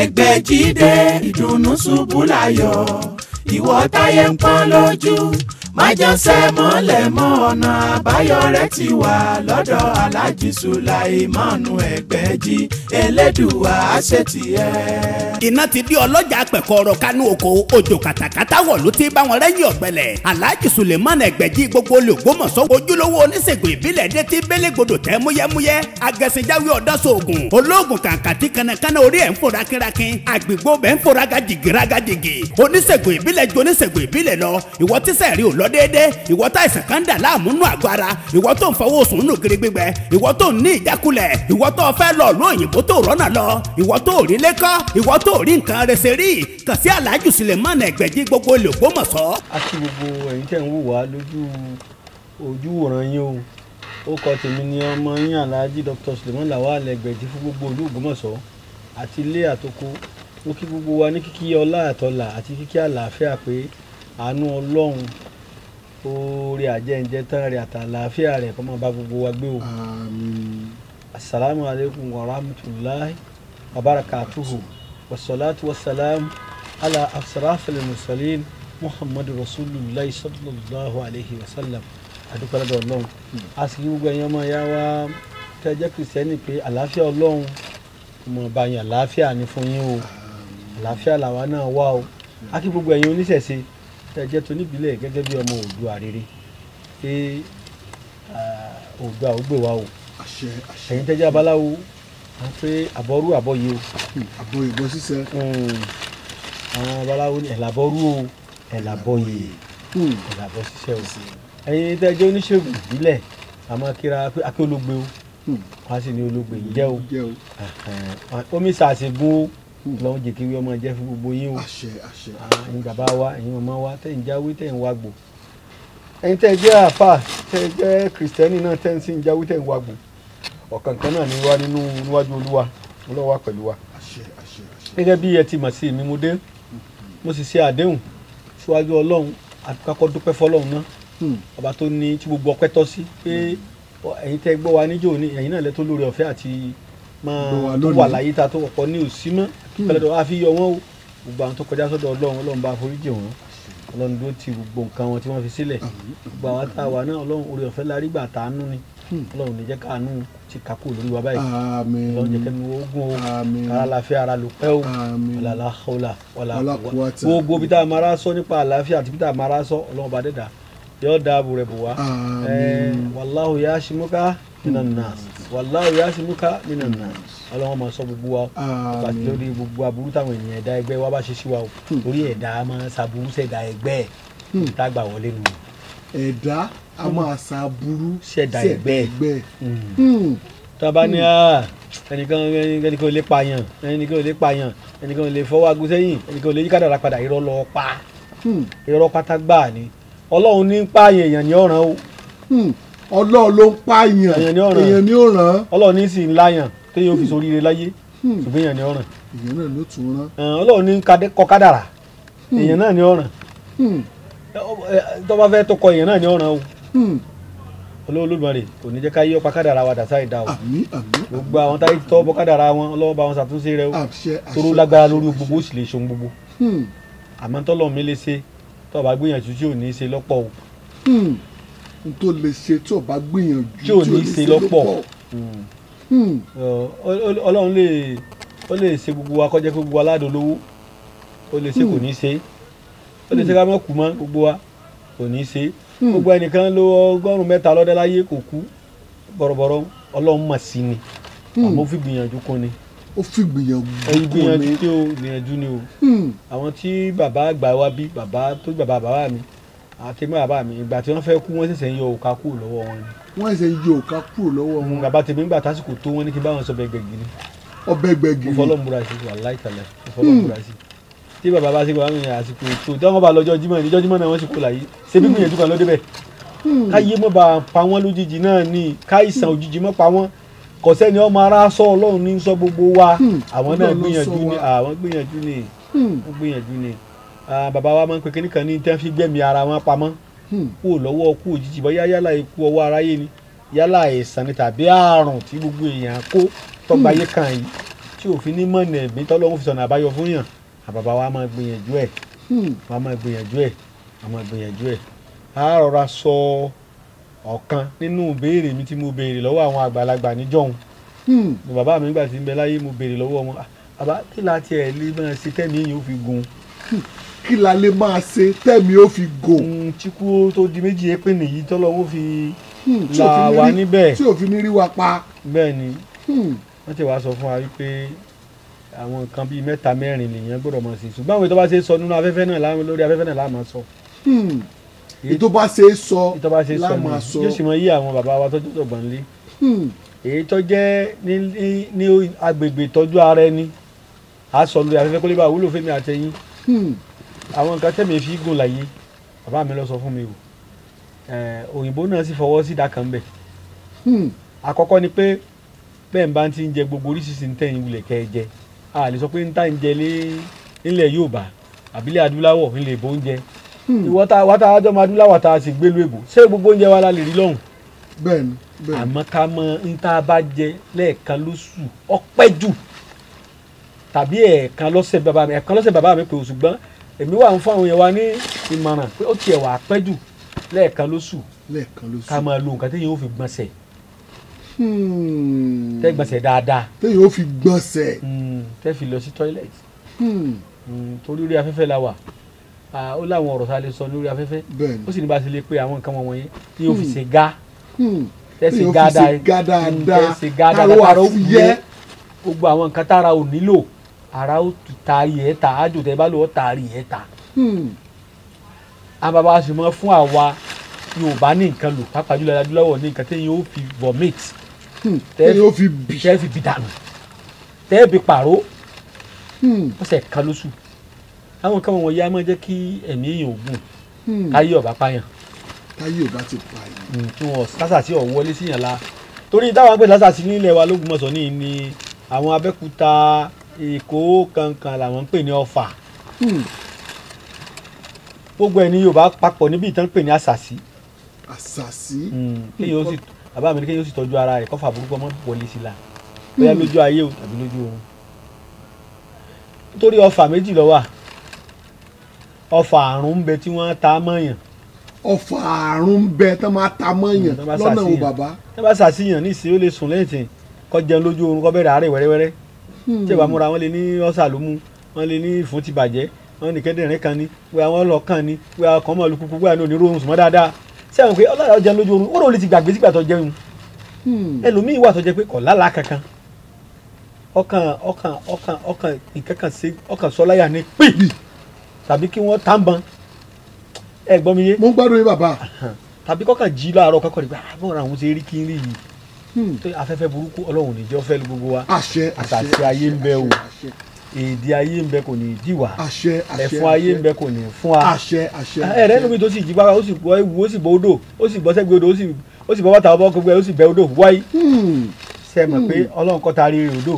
ẹgbẹ́ jíde ìdùnnú ṣubú láyọ̀ ìwọ táyé ń pọ́n lójú májànsẹ́ mọ́lẹ̀ mọ́ ọ̀nà àbáyọ rẹ̀ ti wà lọ́dọ̀ aláàjì sùláìmánu ẹgbẹ́jì elédùwà àṣetì ẹ̀. iná ti di ọlọ́jà pẹ̀kọ́rọ̀ kánú oko òjò kàtàkàtà wọ̀ ló ti bá wọn rẹ́yìn ọ̀gbẹ́lẹ̀ aláàjì sùláìmánu ẹgbẹ́jì gbogbo olùgbòmọ̀sọ́ ojúlówó oníṣègùn ìbílẹ̀ dé ti bẹ́lẹ́gbọdọ̀ tẹ́ múyẹ́múyẹ́ agẹ̀sìnjáwé ọ̀dọ́sọ̀ọ̀gùn olóògùn kàǹkàtì kanakana orí ẹ̀ ń fora kírakín àgbègbè ọbẹ̀ ń fora gajìgìragajìgì oníṣègùn ìbílẹ̀ ju oníṣègùn ìbílẹ̀ lọ ìwọ tíṣẹ̀ rí ò lọ déédéé ìwọ táìsàn kan dà láàmú nù àgọ́ ìwọ tó ń fọwọ́ sùn nù kiri gbígbẹ ìwọ tó ń ní ìjákulẹ̀ ìwọ tó fẹ́ lọ lọ òyìnbó tó rọ́nà lọ ìwọ tó rí lẹ́kọ́ ìwọ tó rí nǹkan rẹsẹ̀ rí kàn sí aláàjù Suleiman Ẹgbẹ̀jì gbogbo olè a kí gbogbo ẹ̀yin tẹ̀ ń wò wá lójú ojú wòran yín o ó kọ tèmi ni ọmọ yín aláàjì Dr. Suleiman Lawal Ẹgbẹ̀jì fún gbogbo olú Ògbómọ̀ṣọ́ àti ilé àtòkò ó kí gbogbo wa ní kíkí ọlá àtọlà àti kíkí àlàáfíà pé àánú Ọlọ́run oore àjẹǹjẹ tán rẹ̀ àtàlàáfíà rẹ̀ kó máa bá gbogbo wa gbé o. asalaamu alaykum wa rahmatulahi wa barakatuhu wa salatu wa salam ala asrafil musalin muhammadu rasulillah sallallahu alayhi wa sallam adúpẹ́ lọ́dọ̀ ọlọ́run a sì kí gbogbo ẹ̀yàn máa yá wa tẹ́jẹ́ kìrìsìtẹ́nì pé àlàáfíà ọlọ́run mo bá yín àlàáfíà ní fún yín o àlàáfíà làwa náà wà o a kí gbogbo ẹ̀yin oníṣẹ̀ṣe tẹ́ jẹ́ toníbílẹ̀ gẹ́gẹ́ bí ọmọ Oòduà rere pé Oòduà ó gbè wá o ẹ̀yin tẹ́ jẹ́ babaláwo wọ́n pé àbọ̀rú àbọ̀yé o. àbọ̀yé bọ́ sísẹ. àwọn babaláwo ní ẹ̀làbọ̀rú o ẹ̀làbọ̀yé hmm. ẹ̀làbọ̀ sísẹ o. ẹ̀yin tẹ́ jẹ́ oníṣègùn ìbílẹ̀ àmọ́ kíra akẹ́ o wọ́n hmm. á sì ní ológbe yìí jẹ́ o omi sàṣègùn o lọ́wọ́ jẹ́ kí ọmọ jẹ́ fún gbogbo yín o ẹ̀yin bàbá wa ẹ̀yin màmá wa tẹ̀yin jáwé tẹ̀yin wa gbò ẹ̀yin tẹ̀ jẹ́ àfà tẹ̀ jẹ́ kìrìsìtẹ́nì náà tẹ̀yin sì jáwé tẹ̀yin wa gbò ọ̀kọ̀ọ̀kan náà ni wá nínú níwájú olúwa olúwa pẹ̀lú wa gẹ́gẹ́ bí ẹ ti mọ̀ sí èmi mo dé mo sì ṣe àdéhùn síwájú ọlọ́run àtúkàkọ́ dúpẹ́ fọlọ́run náà hmm. ọba tó ní tí gbogbo ọpẹ́ tọ́ sí pé ẹ̀yin tẹ́ gbọ́ wa níjó ni ẹ̀yin náà lẹ́tọ́ lórí ọ̀fẹ́ àti máa wà láyé ta tó ọ̀pọ̀ ní òsínmọ́ kẹlẹ́dọ̀ á fi yọ wọ́n o gbogbo àwọn tó kọjá sọ́dọ̀ ọlọ́run ọlọ́run bá foríjì wọn ọlọ́run dúró ti gbogbo nǹkan wọn tí wọ́n fi sílẹ̀ gbogbo àwọn tá a wà náà ọlọ́run orí ọ̀fẹ́ la rí gbà tá a nú ni ọlọ́run ní jẹ́ káàánú ti kakú lórí wa báyìí ọlọ́run jẹ́ kẹ́mi ogun o kára láfíà ara ló pẹ́ o ọ̀làlá ọ̀là ọ̀là gbogbo bí tá a máa rá sọ nípa àlàáfíà àti bí tá a máa rá sọ ọlọ́run bá dẹ́dà yóò dáàbò rẹ̀ bò wá wàláhùn yá nínú nàásì wàláhù yasimuka nínú mm. nà ọlọ́wọ́n máa sọ gbogbo wa àti lórí gbogbo aburú táwọn ènìyàn ẹ̀dá ẹgbẹ́ wa bá ṣe sí wa o hmm. torí ẹ̀dá máa ṣàbùrú ṣẹ̀dá ẹgbẹ́ ẹ̀ tágbà wọlé nù. ẹ̀dá a máa ṣàbùrú ṣẹ̀dá ẹgbẹ́ hmm. tọ́ba hmm. ní ah, ẹnìkan ẹnìkan ò lè pààyàn ẹnìkan ò lè pààyàn ẹnìkan ò lè fọwọ́ agun sẹ́yìn ẹnìkan ò lè yí kádàrá padà irọ́ lọ pa irọ́ pátá gbáà ni ọlọ́run ní pààyàn èèyàn ní ọ̀ràn o ọlọ́run ló ń pààyàn èèyàn ní òràn. ọlọ́run ní sì ń láyàn téèyàn fi hmm. sóríire láyé hmm. ṣùgbọ́n èèyàn ní ọ̀ràn. èèyàn náà ló tún rán. ọlọ́run ní kọkádàrà hmm. èèyàn náà ní ọ̀ràn tọ́ba fẹ́ tó kọ èèyàn náà ní ọ̀ràn o olóòlùmọ̀rè kò ní jẹ́ ká yọ pakádàra wa dàsá ìdá o gbogbo àwọn táyé tọ́ bọ́kádàra wọn ọlọ́wọ́ bá wọn ṣàtúnṣe rẹ o toró lágbára lórí gbogbo ó sì lè ṣohun gbogbo àmọ́ tọ́lọ̀ mi lè ṣe tọ́ba gbìyànjú tí ò ní ṣe lọ́pọ̀ o n tó lè ṣe tí ò bá gbìyànjú tí ò ní ṣe lọ́pọ̀ hmm. Hmm. ọlọ́run lè ó lè ṣe gbogbo wa kó jẹ́ pé gbogbo aládùn lówó ó lè ṣe hmm. kò ní ṣe ó lè ṣe ká mọ̀ kú mọ́ gbogbo wa kò ní ṣe gbogbo ẹnìkan ló ọgọ́rùn-ún mẹ́ta lọ́dẹ láyé kò kú bọ̀rọ̀bọ̀rọ̀ ọlọ́run mọ̀ sí ni àmọ́ ó fi gbìyànjú kún ni ó fi gbìyànjú kún ni o gbìyànjú ni o àwọn tí bàbá àgbà wa bí bàbá tó bàbá bàbá mi àti mọ́ bàbá mi ìgbà tí wọ́n fẹ́ kú wọ́n ṣẹ̀ṣẹ̀ yọ òkà kúrò lọ́wọ́ wọn ni. wọ́n ṣẹ̀ṣẹ̀ yọ òkà kúrò lọ́wọ́ wọn. Hmm, bàbá tèmi ń gbà tásìkò tó wọ́n ní kí n bá wọn sọ bẹ́ẹ̀ gbẹ̀gìrì. ọbẹ̀ gbẹ̀gìrì. mo fọlọ́ múra sí i wàláì tàlẹ̀ mo fọlọ́ múra hmm. sí i. tí bàbá bá ṣe bàbá mi àsìkò ètò tí wọ́n bá lọ́jọ́ jímọ̀ níjọ́ jímọ̀ náà wọ́n sì kó láyé ṣé bí hmm. gbìyànjú kan ló débẹ̀. káyé mọ́ bá pa wọ́n lójijì náà ni káìsàn òjijì mọ́ pa wọ́n kò sẹ́ni ọmọ ara sọ ọlọ́run ní sọ gbogbo wa àwọn náà gbìyànjú ni àwọn gbìyànjú ni wọ́n gbìyànjú ni. Ah, bàbá wa máa ń pe kínní kan ní tí wọ́n fi gbẹ̀mí ara wọn pamọ́ hmm. kú lọ́wọ́ kú òjijì bọ́yá yálà ikú ọwọ́ aráyé ni yálà àìsàn ni tàbí àrùn tí gbogbo èèyàn kó tọ́gbà yé hmm. kan yìí tí òfin ní mọ̀nà ẹ̀mí tọ́lọ́hún fi sọ̀nà àbáyọ fún yàn àbàbà wa máa gbìyànjú ẹ̀ hmm. wa máa gbìyànjú ẹ̀ wa máa gbìyànjú ẹ̀ a rọra sọ ọ̀kan nínú ìbéèrè mi tí mo béèrè lọ́wọ́ àwọn àgbàlagbà níjọ́hun ni bàbá mi nígbà tí ń bẹ láyé mo béèrè lọ́wọ́ wọn ah, àbá kí láti ẹ̀ lè máa ṣe tẹ́mi yìí ó fi gun kí la lè máa ṣe tẹ́mi ó fi gò. Mm, chikú tó di méjì yẹn pé nìyí tọ́lọ́wọ́ fi hmm, là wá níbẹ̀. tí òfin ní rí wa pa. bẹ́ẹ̀ ni hmm. wọ́n ti wá sọ fún wa wípé àwọn nǹkan bíi mẹ́ta mẹ́rin lèèyàn gbọ́dọ̀ máa ṣe ṣùgbọ́n àwọn ètò bá ṣe sọ nínú afẹ́fẹ́ náà láwọn lórí afẹ́fẹ́ náà láwọn sọ. Hmm. ètò bá ṣe sọ láwọn sọ yóò sì mọ iye àwọn bàbá wa tọ́jú ọ̀gbọ̀n lé èyí tó jẹ́ ní agbègbè ìtọ́jú ara ẹni àá sọ lórí afẹ́fẹ́ kólébà wúlò fẹ́mi àtẹ̀yìn àwọn nǹkan tẹ̀mí fi gùn láyé bàbá mi lọ sọ fún mi o òyìnbó náà sì fọwọ́ sí ìdá kan bẹ̀. Hmm. àkọ́kọ́ ni pé bẹ́ẹ̀ bá ti ń jẹ gbogbo oríṣiríṣi tẹ̀yìn wulẹ̀ kẹ́ ẹ jẹ a lè sọ pé ń tà ń jẹ nílẹ̀ Yorùbá àbílẹ̀ adúláwọ̀ nílẹ̀ ìbò oúnjẹ hmm. ìwọ ta wá ta àjọmọ adúláwọ̀ ta sì gbélu èbò ṣé gbogbo oúnjẹ wa la lè rí lọ́hùn. bẹ́ẹ̀ni bẹ́ẹ̀ni. àmọ́ ká mọ ń tá a bá jẹ lẹ́ẹ̀kan lóṣù ọpẹ́ jù tàbí ẹ̀ẹ̀kan lọ́sẹ̀ bàbá mi ẹ̀ẹ̀kan lọ́sẹ̀ bàbá mi pé òṣùgbọ́n èmi wà ń fún àwọn yẹn wa ní ìmọ̀ràn pé ó tiẹ̀ wà á pẹ́ jù lẹ́ẹ̀kan lóṣù lẹ́ẹ̀kan lóṣù ká máa lo nǹkan téèyàn ó fi gbọ̀nsẹ̀ hmm. tẹ́ gbọ̀nsẹ̀ dáadáa téèyàn ó fi gbọ̀nsẹ̀ hmm. tẹ́ fi lọ sí toilet hmm. torí orí afẹ́fẹ́ la wà ó láwọn ọ̀rọ̀ tá a lè sọ lórí afẹ́fẹ́ ó sì ní bá a ti lè pe àwọn nǹkan wọ̀nyí tí yóò fi ṣe gá tẹ́ ṣe gá dáadáa tẹ́ ṣe gá dáadáa táró àfúyẹ́ gbogbo àwọn nǹkan tára ò nílò ara ó taari ẹ̀ ta ájò tẹ́ bá lò ó taari ẹ̀ ta. àwọn hmm. bàbá wa sì mọ fún àwa Yorùbá ní nǹkan lò pàápàá jùlọ adúláwọ̀ ní nǹkan tẹ́yìn ó fi vomit hmm. tẹ́yìn ó fi bì tẹ́yìn fi bì dànù tẹ́yìn fi pààrọ̀ hmm. ọ̀sẹ̀ kan lóṣù àwọn nǹkan wọ̀nyí á máa jẹ́ kí ẹ̀mí èèyàn ògùn káyé ọ̀bá pààyàn. káyé ọ̀bá ti pààyàn. tí wọn lásàsí ọ̀ wọlé síyàn la torí táwọn pè lásàsí nílẹ̀ wa lógun mọ̀sán ní ìkó kankan làwọn ń pè ní ọfà hmm. gbogbo ẹni yorùbá papọ̀ níbi ìtàn ń pè ní àṣàsí. àṣàsí. Hmm. kéèyàn ó sì bàbá mi ní kéèyàn ó sì tọ́jú ara rẹ̀ kọ́fà burúkú ọmọ wọlé sí la hmm. bóyá lójú ayé o tàbí lójú oorun. nítorí ọfà méjì ló wà ọfà àrùn ń bẹ tí wọ́n ta mọ́yàn. ọfà àrùn ń bẹ tó máa ta mọ́yàn lọ́nà o bàbá. tó bá ṣàṣìyàn ní ìsìn ó lè sùn lẹ́yìn tí kó jẹun lójú oorun kó bẹ̀rẹ̀ àárẹ̀ wẹ́rẹ́wẹ́rẹ́ tí ìwà múra wọn lè ní ọ̀sà ló mú wọn lè ní ìfún ti bàjẹ́ wọn ní kẹ́dẹ̀rín kan ní pé àwọn lọ kan ní pé àwọn kan mọ̀ lù kúkú pé àwọn onírúurú sùnmọ́ dáadáa sí àwọn pé ọlọ́run ọjà lójú oorun ó rò lè ti gbàgbé sígbà tó jẹun hmm. ẹlòmíín wà tó jẹ pé kò lálàá kankan ọkàn ọkàn ọkàn ọkàn ìkẹkàn sí ọkàn sọláyà ní pípì tàbí kí wọ́n tàǹbọn ẹ gbọ́ mi yé. mo ń gbádùn yín bàbá. tàbí kọ́kàn jí láàárọ̀ kọ́kàn rí pé ah, àwọn ọ̀ràn ṣe rí kí n rí yìí Hmm. afẹ́fẹ́ burúkú ọlọ́run ní jẹ́ ọ̀fẹ́ gbogbo wa àtàtì ayé ń bẹ o èdè ayé ń bẹ kò ní dì wá ẹ̀fọn ayé ń bẹ kò ní fún wa ẹ̀rẹ́ níbi tó sì jí wá ó sì bọ́ ewu ó sì bọ́ odò ó sì bọ́ sẹ́gbẹ́ odò ó sì bọ́ bàtà ọmọ gbogbo ẹ̀ ó sì bẹ odò wáyé sẹ́mi hmm. pé hmm. ọlọ́run kọ́ ta rí odò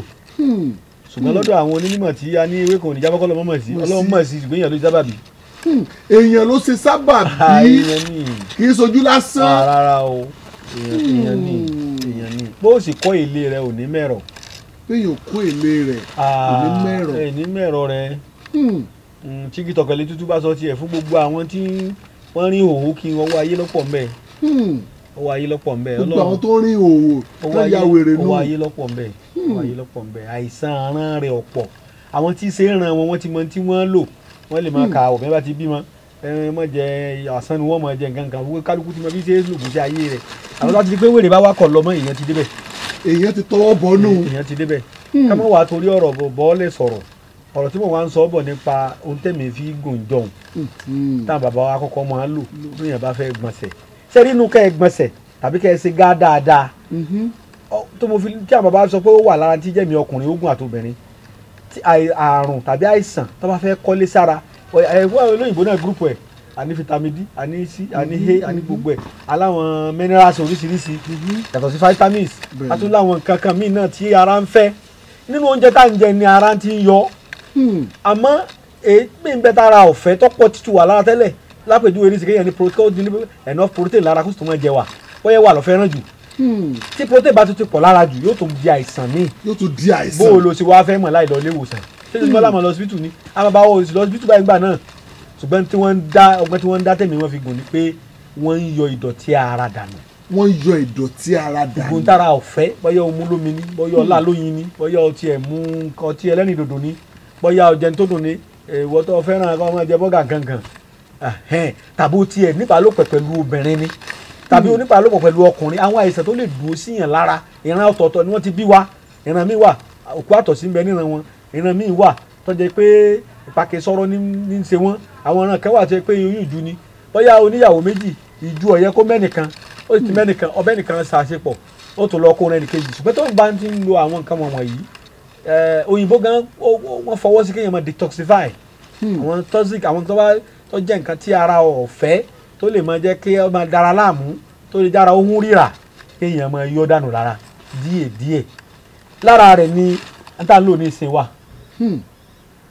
ṣùgbọ́n lọ́dọ̀ àwọn onímọ̀ tí a ní ewé kan ní jábọ́kọ́ lọ́mọ́ mọ̀ sí ọlọ́run mọ̀ sí ṣùgbọ́n èèyàn ló sábàbí. èèyàn ló ah, kì í ṣojú lásán. Ah, rárá o èèyàn ni èèyàn ni. bó o sì kó èlé rẹ ò ní mẹ́rọ̀. péyàn kó èlé rẹ ò ní ah, mẹ́rọ̀. ẹ ní mẹ́rọ̀ rẹ. Hmm. Hmm, tíkì tọkẹlẹ tútù bá sọ tiẹ̀ fún gbogbo àwọn tí wọ́n rí òwò kí wọ́n wá ayé lọ́pọ̀ mbẹ́. ọwọ́ hmm. ayé lọ́pọ̀ mbẹ́. gbogbo àwọn tó rí òwò tó ya wèrè nù. ọwọ́ ayé lọ́pọ̀ mbẹ́. ọwọ́ ayé lọ́pọ̀ mbẹ́. àìsàn aràn rẹ̀ ọ̀pọ̀ àwọn tí ṣe é ràn wọn wọ́n ti mọ ẹran mọ jẹ àsán ni wọn kálukú ti mọ bí ṣe é lògùn sí ayé rẹ àwọn láti di pé wèrè bá wà kọ lọmọ èèyàn ti débẹ̀. èèyàn ti tọwọ́ bọ nù. èèyàn ti débẹ̀ hmm. ká má wàá torí ọ̀rọ̀ bọ bọ lè sọ̀rọ̀ ọ̀rọ̀ tí mo wá ń sọ bọ̀ nípa ohun tẹ̀mí fi gùn jọ̀hún hmm. táwọn bàbá wa kọ́kọ́ máa ń lò lóyìn bá fẹ́ gbọ̀nsẹ̀ sẹ́rí inú kẹ́ ẹ gbọ̀nsẹ̀ tàbí kẹ́ ẹ ṣe gá dáadáa mm-hmm. tó mo fi tí àwọn bàbá sọ pé ó wà lára tí jẹ́mi ọkùnrin ogun àtobìnrin àrùn tàbí àìsàn tó bá fẹ́ kọ́lé sára ẹ̀fọ́ olóyìnbó náà gúrùpù ẹ̀ àní vitamin d àní c àní he àní gbogbo ẹ̀ aláwọn minerals oríṣiríṣi yàtọ̀ sí vitamins àtúnláwọn kankan míì náà tí ara ń fẹ́ nínú oúnjẹ tá à ń jẹ ni ara ti ń yọ àmọ́ èyí ń bẹ tára ọ̀fẹ́ tọ́pọ̀ títù wà lára tẹ́lẹ̀ lápèjúwe ní sìkéyàn ní protein enough protein lára kó sì tún máa jẹ wà bóyá wà lọ́ fẹ́ràn jù tí protein bá tún ti pọ̀ lára jù yóò tún di àìsàn míì yóò tún di àìsàn bó o lo ṣe wá fẹ́ mọ̀ láì lọ ilé ìwòsàn ṣé ti bọ́lá mọ̀ lọ síbítù ni a máa bá wọ òsì lọ síbítù báyìí gbà náà ṣùgbọ́n tí wọ́n ń dá ọgbọ́n tí wọ́n ń dá tẹ̀mí wọn fi gùn ni pé wọ́n ń yọ ìdọ̀tí ara dànù. wọ́n ń yọ ìdọ̀tí ara dànù. ìgbóhùn tára ọ̀fẹ́ bọ́yá ọmú lómi ni bọ́yá ọlá lóyin ni bọ́yá ọtí ẹ̀ mú ọtí ẹlẹ́rìn dòdò ni bọ́yá ọjẹ́ tó dùn ni ìwọ tó fẹ́ràn ọmọ jẹ bọ́gà ni tàbí onípàlópọ̀ pẹ̀lú ọkùnrin àwọn àìsàn ìran mi wà òkú àtọ̀sí ń bẹ níran wọn ìran míì wà tó jẹ́ pé ìpàkè sọ̀rọ̀ ní ń ṣe wọ́n àwọn ìran kan wà tó jẹ́ pé oyún ìjú ni bóyá oníyàwó méjì ìjú ọ̀yẹ́ kó mẹ́nìkan ó sì ti mẹ́nìkan ọbẹ̀ nìkan ṣàṣepọ̀ ó tún lọ kó rẹ̀ nìkejì ṣùgbọ́n tó ń bá ti ń lo àwọn nǹkan wọ̀nyí òyìnbó gan wọ́n fọwọ́ sí kéèyàn máa detoxify hmm. àwọn toxic àwọn tó bá tó jẹ́ nǹkan tí ara ọ̀fẹ́ tó lè máa jẹ́ kí ó máa dára láàmú tó lè dára ohun rírà kéèyàn máa yọ dànù lára díẹ̀ díẹ̀ lára rẹ̀ ni níta ló ní ìsìn wa Hmm.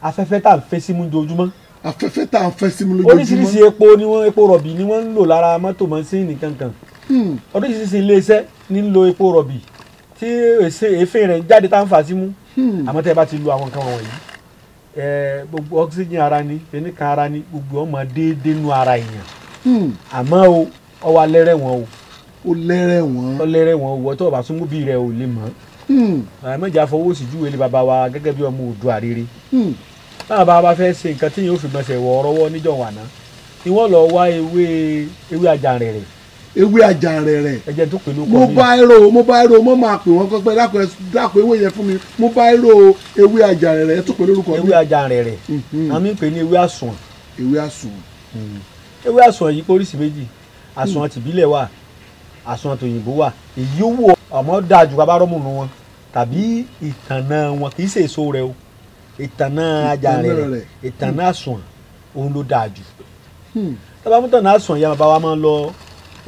afẹ́fẹ́ tá à ń fẹ́ símú ojoojúmọ́. afẹ́fẹ́ tá a ń fẹ́ símú ojoojúmọ́. oríṣiríṣi epo ni wọ́n epo rọ̀bì ni wọ́n ń lò lára mọ́tò mọ́sìnì kankan. Hmm. oríṣiríṣi iléeṣẹ́ ní ń lo epo rọ̀bì tí èéfín rẹ̀ ń jáde tá à ń fà símú. Hmm. àmọ́ tẹ́ ẹ bá ti lo àwọn nǹkan wọ̀nyí gbogbo oxygen ara ni ẹnìkan ara ni gbogbo ọmọ déédéé nu ara èèyàn. àmọ́ o ọwọ́ alẹ́rẹ̀ wọn o. ó lẹ́rẹ̀ wọn. ó lẹ́rẹ̀ wọn o wọ́n tó o bá súnmú bí rẹ̀ ò lè mọ̀ ọ́ àmọ́jà hmm. fọwọ́ sí júwe lé bàbá wa gẹ́gẹ́ bí ọmọ òdu àrírí hmm. báwa wa fẹ́ ṣe nǹkan tí yóò fi gbọ̀nsẹ̀ wọ ọ̀rọ̀wọ́ níjọ́ wàná ni wọ́n lọ wá ewé ewé àjàrẹ̀rẹ̀. ewé àjàrẹ̀rẹ̀ ẹ tó pẹ̀lú kọ́ mi. mo bá mo máa pè wọ́n pẹ́ dákọ̀ dákọ̀ ewé yẹn fún mi mo ewé àjàrẹ̀rẹ̀ ẹ tó pẹ̀lú orúkọ mi. ewé àjàrẹ̀rẹ̀ hmm. àmì pè ní ewé àsùn. ewé àsùn. ewé àsùn yìí kórìsì méjì àsùn tìbílẹ̀ wà àsùn tòyìnbó wà èyí ó wù àmọ́ dáa jù kábàárọ mùnú wọn tàbí ìtànà wọn kì í ṣe èso rẹ o ìtànà ajarẹ rẹ ìtànà àsùn òun ló dáa jù hmm. tábà mú tànà àsùn ìyá bàbá wa máa ń lọ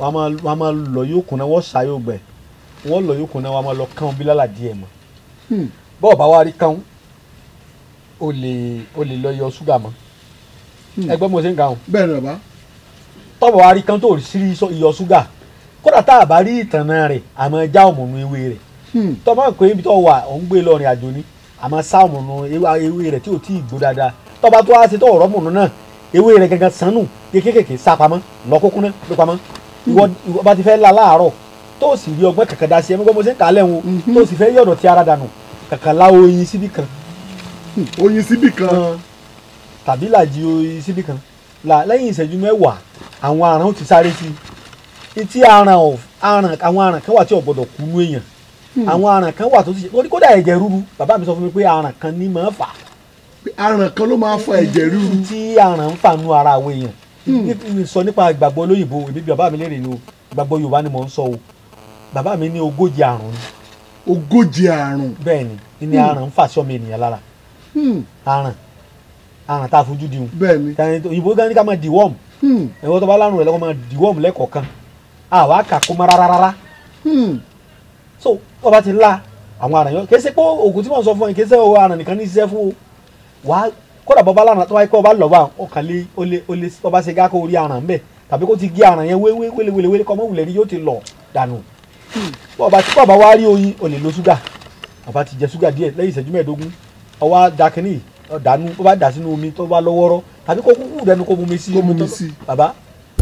wa máa lọ yóò kùnà wọ́n ṣá yóò gbẹ wọ́n lọ yóò kùnà wa máa lọ kán bí lálà díẹ̀ mọ́ hmm. bọ́ọ̀ bá wa rí kán o lè o lè lọ yọ ṣúgà mọ́ hmm. ẹgbẹ́ mo ṣe ń ga hàn bẹ́ẹ̀ ni bàbá tọ́bọ̀ wa rí kán tó rí sí iyọ̀ ṣúgà kódà tá a bá rí ìtànà rẹ̀ àmọ́ já òmùnú ewé rẹ̀ hmm. tọ́mọ̀ pé ibi tó wà òun gbé e lọ́rin àjò ni àmọ́ sá òmùnú ewé rẹ̀ tí ò tí ì gbó dáadáa tọ́ba tó wá sí tọ́wọ̀ rọ́mùnú náà ewé rẹ̀ gangan sànù kékèké sá pamọ́ lọ́kókún náà ló pamọ́ hmm. ìwọ bá ti fẹ́ la láàárọ̀ tó o sì rí ọgbọ́n kankan da sí ẹ mọ́gbọ́n mo ṣe ń kà á hmm. tó o sì fẹ́ yọ̀dọ̀ ti ara dànù kankan lá oyin síbì kan. oyin síbì kan. tàbí làjì oyin síbì kan lẹ́yìn ìṣẹ́jú mẹ́wàá àwọn àrùn ti sáré sí i tí aràn aràn àwọn aràn kan wà tí ò gbọdọ̀ kú nú èèyàn hmm. àwọn aràn kan wà tó ti ṣe torí kódà ẹ̀jẹ̀ rúru bàbá mi sọ fún mi pé aràn kan ní máa fà. aràn kan ló máa fa ẹ̀jẹ̀ rúru. tí aràn ń fà nú ara àwọn èèyàn hmm. sọ nípa ìgbàgbọ́ olóyìnbó èmi bàbá mi lérè ni o ìgbàgbọ́ yorùbá ni mò ń sọ o bàbá mi ní ogójì àrùn ni. ogójì àrùn. bẹ́ẹ̀ni ni hmm. aràn ń fà sọmọ ènìyàn lára aràn aràn tá a fojú di hun. bẹ́ẹ̀ni. òyìnbó gan ni ká máa di wọ́ọ̀mù ẹ̀wọ́ tó bá lárùn rẹ̀ lọ́kọ́ máa di wọ́ọ̀mù lẹ́kọ̀ọ̀kan àwa kà kó mọ́ rárá rárá hmm. so wọ́n bá ti la àwọn àràn yọ kèsì pé oògùn tí wọ́n sọ fún ẹ kèsì ọ̀ àràn nìkan ní iṣẹ́ fún o wà á kódà bọ́ bá lànà tó wáyé kó o bá ọkàn lé o lè o lè o bá ṣe gá kó o rí àràn mbẹ tàbí kó o ti gé àràn yẹn wéwé wéléwéléwélé kọ́ mọ́wulẹ̀ ni yóò ti lọ dànù bọ́ ọba tí kò bá wá rí oyin o lè lo ṣúgà ọba ti jẹ ṣúgà díẹ̀ lẹ́yìn ìṣẹ́jú mẹ́ẹ̀ẹ́dógún ọwá dakini dànù ó bá dà sínú omi tó bá lọ́wọ́rọ́ tàbí kó kúkú dẹnu kó mu mi sí. kó mu mi sí. baba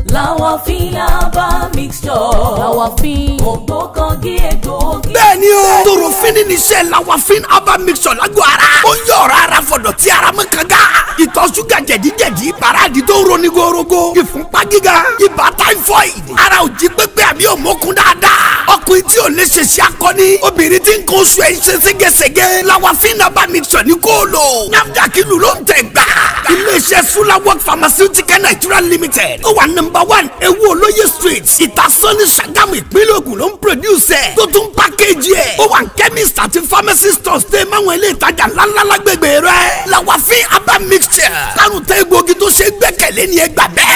lawafin aba mixture. lawafin. ògbókangí egbòogi. bẹ́ẹ̀ni o. torofin ni iṣẹ́ lawafin aba mixture lágbo ara. ó ń yọ ọ̀rá ara fọ̀dọ̀ tí ara mọ́ kanga. ìtọ̀ ṣúgà jẹ̀díjẹ̀dí bàrà àdìtò ronigorogo. ìfúnpá gíga. ibà táífọ̀ìdì. ara ò jí pépé pé àbí òmókun dáadáa. ọkùnrin tí ò lè ṣe ṣe akọni obìnrin tí ń kan oṣù ẹ̀ ń ṣe ségesège làwọn fínà bá mi sọ ní kóòlò. nafdac ìlú ló ń tẹ̀ gbà. iléeṣẹ́ sulawok pharmaceutical nigeria limited ó wà nọ́mbà one ewu olóye street ìtasọ́ni sàgámù ìpínlẹ̀ Ògùn ló ń produce ẹ̀ tó tún pákéjì ẹ̀ ó wà chemist àti pharmacy stores tẹ́ máwọn ilé ìtajà ńláńlá lágbègbè rẹ̀ làwọn fín abá mixture lárùn tẹ́ egbògi tó ṣe gbẹ́kẹ̀lé ni ẹ gbà bẹ́ẹ̀.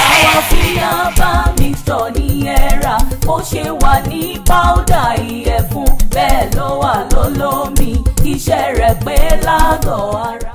làwọn fín abá mixture ni ẹ fẹ́ rà bó ṣe wà ní pàwùdà ìyẹ̀fun bẹ́ẹ̀ ló wà lólómi iṣẹ́ rẹ̀ pé lágọ̀ọ́ ara.